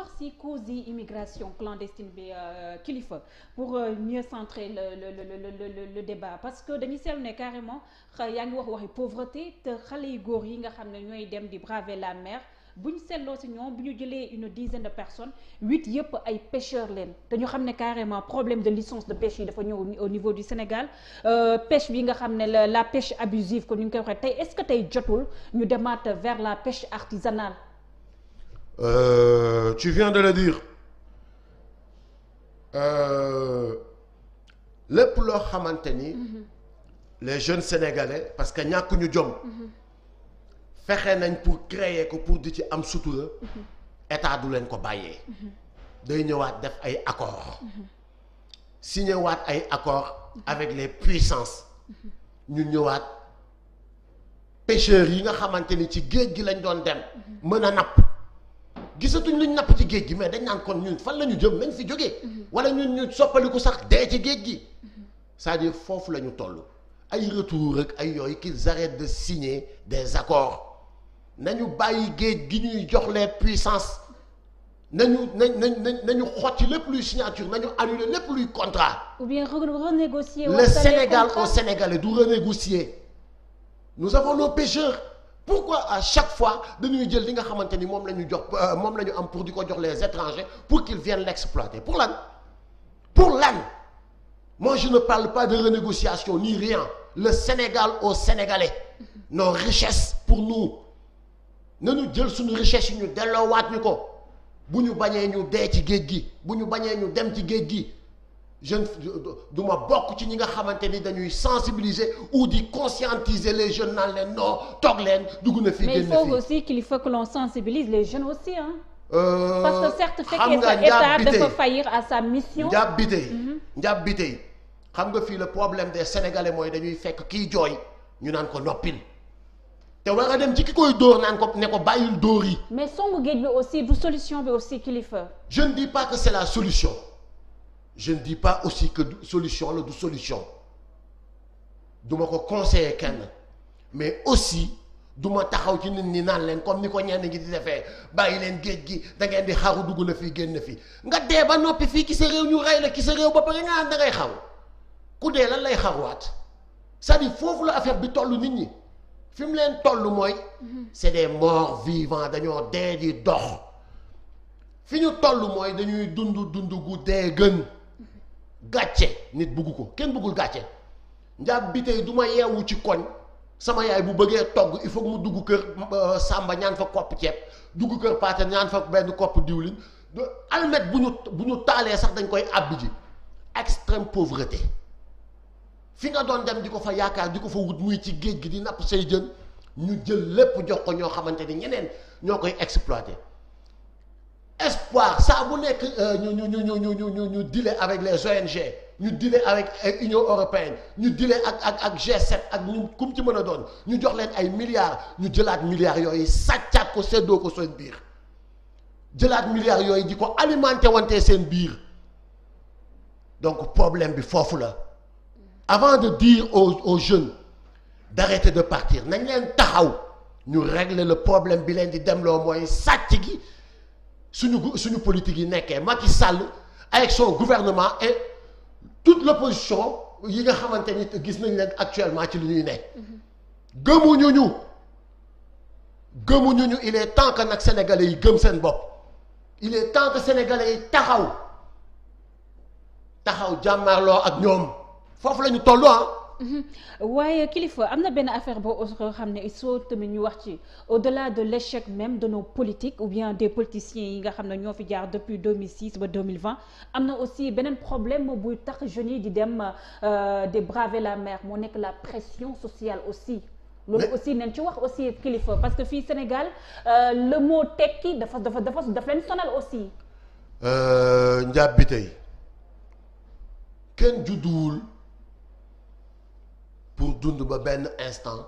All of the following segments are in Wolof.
wax ci cause yi immigration clandestine bi euh, kilifa pour euh, mieux centrer le le le le le débat parce que dañu seetlu ne carrément euh, yaa ngi wax waxi pauvreté te xale yu góor yi nga xam ne ñooy dem di braver la mer. bu ñu seetloo si ñoom bu ñu jëlee une dizaine de personnes huit yëpp ay pêcheurs leen te ñu xam ne carrément problème de licence de péche yi dafa ñëw au niveau du Sénégal euh, pêche bi nga xam ne la pêche abusive ko ñu ngi koy waxee tey est-ce que tey jotul ñu demaat vers la pêche artisanale Euh, tu viens de le dire euh, lépp loo xamante ni. Mhm. les jeunes sénégalais parce que ñàkkuñu jom. Mhm. fexe nañ pour créer ko pour di ci am sutura. Mhm. état du leen ko bàyyee. day ñëwaat def ay accords. signé waat ay accords. avec les puissances. ñu ñëwaat pêcheurs yi nga xamante ni ci géej gi lañ doon dem. mën a napp. gisatuñ luñ napp ci géej gi mais dañ naan kon ñun fan la ñu jëm nañ fi jógee. Mm-hmm. wala ñun ñu soppaliku sax dee ci géej gi. Mm-hmm. c'est-à-dire foofu la ñu toll ay retour rek ay yooy qu'ils arrêtent de signer des accords nañu bàyyi géej gi ñuy jox les puissances nañu nañ nañ nañu xotti lépp luy signature nañu annuler lépp luy contrat. ou bien renégocier. le Sénégal au Sénégalais du renégocier nous avons nos pêcheurs. pourquoi à chaque fois dañuy jël li nga xamante ni moom la ñu jox euh, moom lañu am pour di ko jox les étrangers pour qu'ils viennent l'exploiter pour lan pour lan moi je ne parle pas de renégociation ni rien le Sénégal au Sénégalais nos richesses pour nous nañu jël suñu richesse yi ñu delloowaat ñu ko bu ñu bañee ñu dee ci géej gi bu ñu bañee ñu dem ci géej gi je du ma bokk ci ñi nga xamante ni dañuy sensibiliser ou di conscientiser les jeunes naan leen non toog leen dugg na fi. génn fi mais il faut que l'on sensibilise les jeunes aussi hein. Euh, parce que certes fekkee sa état dafa faillir à sa mission. njàpp bi tey xam nga fii le problème des sénégalais mooy dañuy fekk kiy jooy ñu naan ko noppil. te war a dem ci ki koy dóor naan ko ne ko bàyyil dóor yi. mais songu géej bi aussi du solution bi aussi kilifa. je ne dis pas solution. je ne dis pas aussi que solution la du solution duma ko conseiller kenn mais aussi duma taxaw ci nit ñi naan leen comme ni ko ñenn ñi di defee bàyyi leen géej gi da ngeen di xaru dugg na fii génn fii nga dee ba noppi fii ki sa réew ñu rey la ki sa réew ba pare nga da ngay xaw ku dee lan lay xaruwaat sa à foofu la affaire bi toll nit ñi fi mu leen toll mooy c'est des morts vivants dañoo dee di dox fi ñu toll mooy dañuy dund dund gu gën gàcce nit bugg ko kenn buggul gàcce njaab bi tey du ma yeewu ci koñ sama yaay bu bëggee togg il faut mu dugg kër euh, Samba ñaan fa kopp ceeb dugg kër Paate ñaan fa benn kopp diwlin almet bu ñu bu ñu taalee sax dañ koy àbb ji extrême pauvreté fi nga doon dem di ko fa yaakaar di ko fa wut muy ci géej gi di napp say jën ñu jël lépp jox ko ñoo xamante ni ñeneen ñoo koy exploité espoir saa bu nekk euh, ñu ñu ñu ñu ñu ñu dealer avec les ONG ñu dealer avec euh, Union européenne ñu dealer ak ak ak g ak ñu kum ci mën a doon ñu jox leen ay milliards ñu jëlaat milliards yooyu sàccaat ko séddoo biir jëlaat milliards yooyu di ko alimenté wante seen biir donc problème bi foofu la avant de dire aux au jeunes d'arrêter de partir nañ leen taxaw ñu régler le problème bi leen di demloo mooy sàcc gi. suñu suñu politique yi nekkee Macky Sall avec son gouvernement et toute l'opposition yi nga xamante ni gis nañ leen actuellement ci lu ñuy ne gëmuñu ñu gëmuñu ñu il est temps que nag sénégalais yi gëm seen bopp il est temps que sénégalais yi taxaw taxaw jàmmarloo ak ñoom foofu la ñu ah. Mhm. waaye kilifa am na benn affaire boo osoo xam ne il faut tamit ñu wax ci au-delà de l'échec même de nos politiques ou bien des politiciens yi nga xam ne ñoo fi jaar depuis 2006 ba 2020 am na aussi beneen problème buy tax jeunes di dem euh, di braver la mer moo nekk la pression sociale aussi. loolu aussi nañ ci wax aussi kilifa parce que fii Sénégal euh, la moo tekki dafa dafa dafa dafa leen sonal aussi. Euh, njàpp bi tey kenn judduwul. pour dund ba benn instant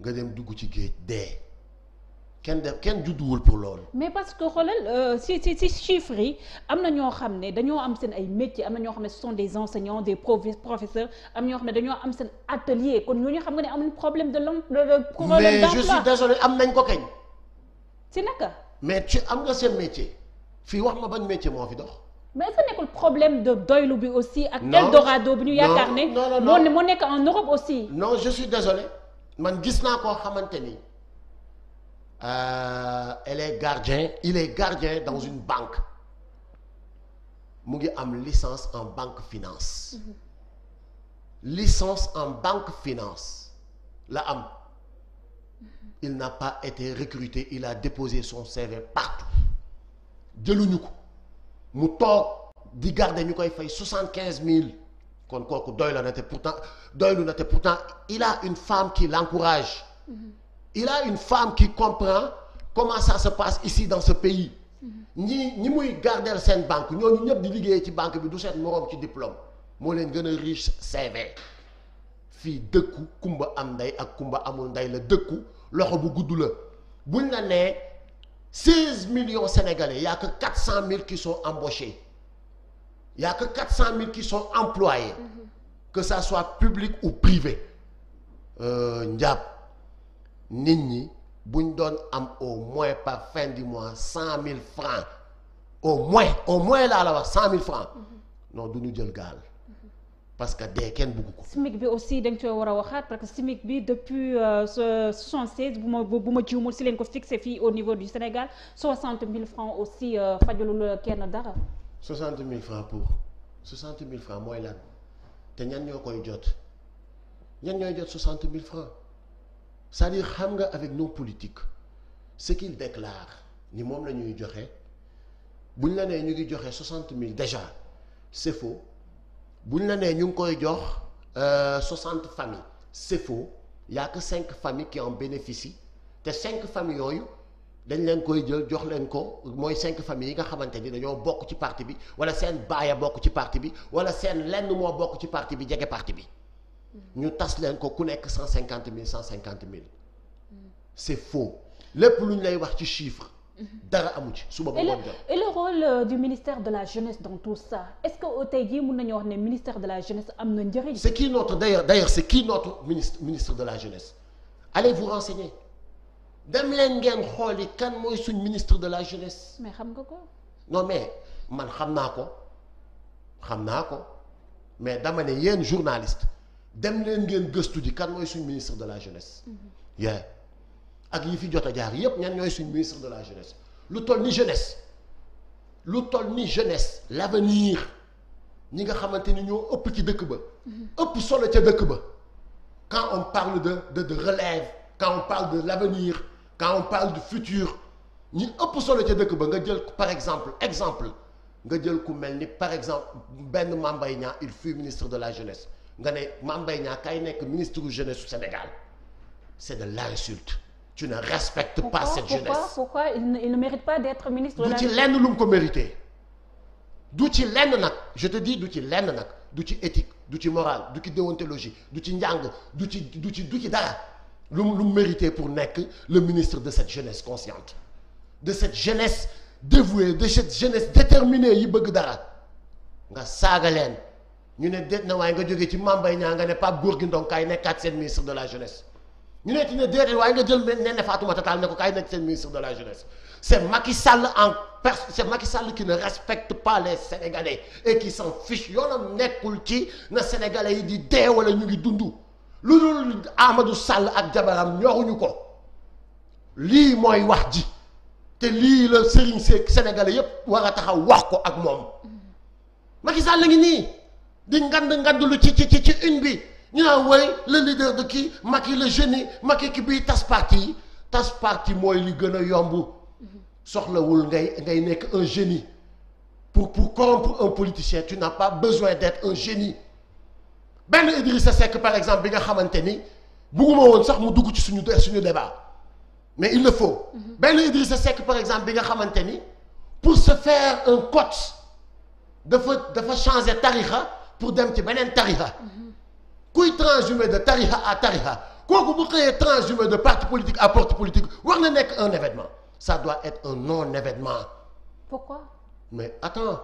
nga dem dugg ci géej dee kenn def kenn judduwul pour loolu. mais parce que xoolal euh, si si si chiffres yi am na ñoo xam ne dañoo am seen ay métiers am na ñoo xam ne ce sont des enseignants des professeurs am ñoo xam ne dañoo am seen atelier kon ñooñu xam nga ne amuñu problème de long problème mais je désolé am nañ ko kañ. si naka. mais ci am nga seen métier fii wax ma ban métier moo fi dox. mais est-ce que problème de doylu bi aussi. ak Eldorado bi ñu yaakaar ne. non non non moo nekk en Europe aussi. non je suis désolé man gis naa koo xamante ni euh, elle est gardien il est gardien dans une banque mu ngi am licence en banque finance. Mm-hmm. licence en banque finance la am il n'a pas été recruté il a déposé son CV partout jëluñu ko. mu toog di garder ñu koy fay soixante quinze mille kon kooku doy la na te pourtant doylu na te pourtant il a une femme qui l'encourage mm-hmm. il a une femme qui comprend comment ça se passe ici dans ce pays mm-hmm. ñi ñi muy garder seen banque ñooñu ñëpp di liggéeyee ci banque bi du seen moroom ci diplôme moo leen gën a riche CV fii dëkku kumba am ndey ak kumba amul ndey la dëkku loxo bu gudd la buñ la nee 16 millions Sénégalais, il n'y a que 400 000 qui sont embauchés. Il n'y a que 400 000 qui sont employés, mm -hmm. que ça soit public ou privé. Euh, Ndiab, Nini, Bundon am au moins par fin du mois cent mille francs. Au moins, au moins la là 100 000 francs. Mm -hmm. Non, nous nous le gars. parce que dee kenn bugg ko. SMIC bi aussi dañ coo war a waxaat parce que SMIC bi depuis euh, soixante seize bu ma bu ma jiwmul si leen ko fixé fii au niveau du Sénégal soixante mille francs aussi euh, fajalul kenn dara. soixante mille francs pour soixante mille francs mooy te ñan ñoo koy jot ñan ñooy jot soixante mille francs xam nga avec nos politiques ce qu'ils déclarent ni moom la ñuy joxe buñ la nee ñu ngi joxe soixante mille déjà c'est faux. bu ñu la nee ñu ngi koy jox euh, soixante familles c'est faux y a que cinq familles qui en bénéficient te cinq familles yooyu dañ leen koy jël jox leen ko mooy cinq familles yi nga xamante ni dañoo bokk ci parti bi wala seen baaya bokk ci parti bi wala seen lenn moo bokk ci parti bi jege parti bi ñu tas leen ko ku nekk cent cinquante mille cent cinquante mille c'est faux lépp lu ñu lay wax ci chiffre. Mhm. dara amu ci suba ba ngoon jot et le rôle euh, du ministère de la jeunesse dans tout ça est-ce que euh, tey jii mën nañu wax ne ministère de la jeunesse am na njëriñ. c'est qui notre d'ailleurs d'ailleurs c'est qui notre ministre de la jeunesse allez vous renseigner dem leen ngeen xool xooli kan mooy suñ ministre de la jeunesse. mais xam nga ko. non mais man xam naa ko xam naa ko mais dama ne yéen journaliste dem leen ngeen gëstu ji kan mooy suñ ministre de la jeunesse. Mhm. yeah. ak yi fi jot a jaar yépp ñan ñooy suñ ministre de la jeunesse lu toll ni jeunesse lu toll ni jeunesse l'avenir ñi nga xamante ni ñoo ëpp ci dëkk ba mhm. ëpp solo ca dëkk ba quand on parle de de de relève quand on parle de l'avenir quand on parle du futur ñi ëpp solo ca dëkk ba nga jël par exemple exemple nga jël ku mel ni par exemple benn Mame Mbaye Niang il fut ministre de la jeunesse nga ne Mame Mbaye Niang kay nekk ministre jeunesse u Sénégal c'est de l'insulte tu ne respectes pourquoi, pas cette jeunesse ne, il ne mérite du ci lenn lu mu ko mérité du ci lenn nag je te dis du ci lenn nag du ci éthique du ci morale du ci déontologie du ci njàng du ci du ci du ci dara lu lu mu mérité pour nekk le ministre de cette jeunesse consciente de cette jeunesse dévouée de cette jeunesse déterminée yi bëgg dara nga saaga leen ñu ne déet na waaye nga jógee ci Mame Mbaye Niang nga ne Pape Gorgui Ndong kaay nekkaat seen ministre de la jeunesse ñu nekk ne déedéet waaye nga jël ne ne Fatoumata Tall ne ko kaay nekk seen ministre de la jeunesse c'est Macky sàll en personne c'est Macky Sall qui ne respecte pas les Sénégalais et qui s'en fiche yoonam nekkul ci na Sénégalais yi di dee wala ñu ngi dund lu dul Amadou Sall ak jabaram ñoruñu ko lii mooy wax ji te lii la Serigne Seck Sénégalais yépp war a taxaw wax ko ak moom Macky sàll la ngi nii di ngand ngand lu ci ci ci une bi ñu naan way le leader de kii yi le génie Macky ki bii tas parti yi tas parti mooy li gën a yomb soxlawul ngay ngay nekk un génie pour pour corrompre un politicien tu n'as pas besoin d'être un génie benn sa Seck par exemple bi nga xamante ni bugguma woon sax mu dugg ci suñu suñu débat mais il le faut mhm. benn sa Seck par exemple bi nga xamante ni pour se faire un cote dafa dafa changer tarixa pour dem ci beneen tarixa mhm. kuy transhumé de tariha à tariha kooku bu xëyee transhumé de parti politique à parti politique war na nekk un événement ça doit être un non événement. pourquoi. mais attends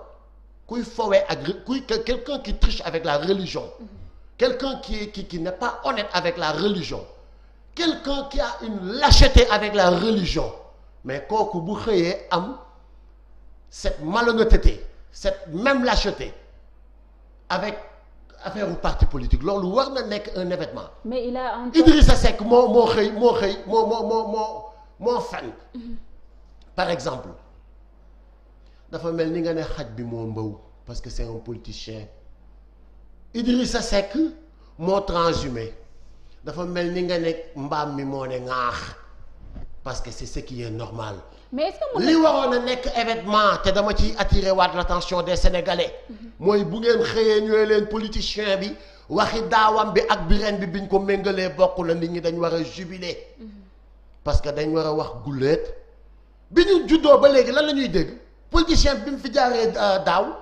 kuy fowee ak kuy quelqu'un qui triche avec la religion. Mm -hmm. quelqu'un qui qui qui n'est pas honnête avec la religion. quelqu'un qui a une lâcheté avec la religion mais kooku bu xëyee am cette malhonnêteté cette même lâcheté avec. affaire u parti politique loolu war na nekk un événement. mais il a Idrissa Seck moo moo xëy moo xëy moo moo moo moo moo fen mhm. par exemple dafa mel ni nga ne xaj bi moo mbaw parce que c'est un politicien sa Seck moo transhumé dafa mel ni nga ne mbaam mi moo ne ŋaax parce que c'est ce qui est normal. mais li waroon a nekk événement te dama ciy attiré waat l'attention des sénégalais. mooy bu ngeen xëyee ñëwee leen politicien bi waxi daawam bi ak bi bi biñ ko méngalee bokk la nit ñi dañ war a jubiler. parce que dañ war a wax guléet bi ñu juddoo ba léegi lan la ñuy dégg politicien bi mu fi jaaree euh, daaw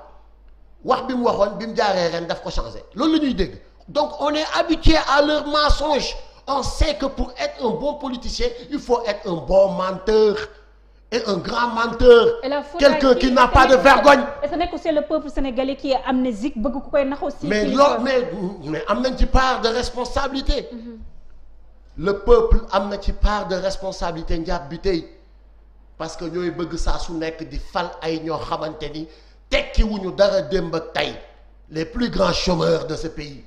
wax bi mu waxoon bi mu jaaree ren daf ko changé loolu la ñuy dégg donc on est habitué à leur mensonge on sait que pour être un bon politicien il faut être un menteur. est un grand menteur. quelqu'un qui n'a pas de vergogne. est-ce que c'est le peuple sénégalais qui est amnésique bëgg ku koy nax aussi. mais loolu mais mais am nañ ci part de responsabilité. le peuple am na ci part de responsabilité njaat bi tey parce que ñooy bëgg saa su nekk di fal ay ñoo xamante ni tekki wuñu dara démb ak tey les plus grands chômeurs de ce pays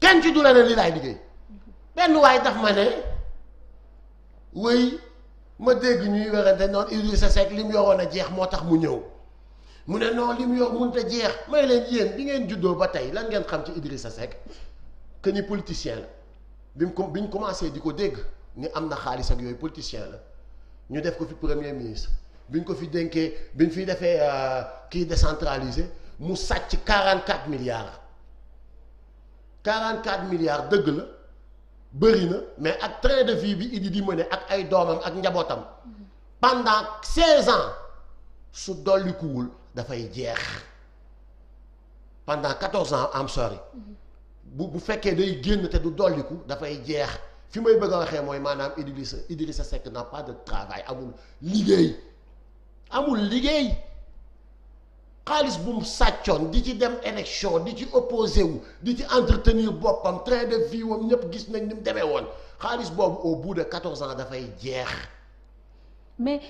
kenn ci du la ne li laay liggéey benn waay daf ma ne wéy. ma dégg ñuy werante noonu Idrissa Seck li mu yoroon a jeex moo tax mu ñëw mu ne noonu li mu yor mënut a jeex may leen yéen bi ngeen juddoo ba tey lan ngeen xam ci Idrissa Seck que ni politicien la bi mu commencé di ko dégg ni am na xaalis yooyu politicien la ñu def ko fi premier ministre bi ñu ko fi dénkee bi ñu fi defee euh, kii décentraliser mu sàcc 44 milliards 44 milliards dëgg la. bëri na mais ak train de vie bi Idy di mëne ak ay doomam ak njabootam pandant seize ans su dollikuwul dafay jeex pandant quatorze ans am sori bu bu fekkee day génn te du dolliku dafay jeex fi may bëgg a waxee mooy maanaam Idrissa Idrissa Seck n'a pas de travail amul liggéey amul liggéey xaalis bu mu sàccoon di ci dem élection di ci opposé wu di ci entretenir boppam train de vie wam ñëpp gis nañ ni mu demee woon xaalis boobu au bout de quatorze ans dafay jeex mais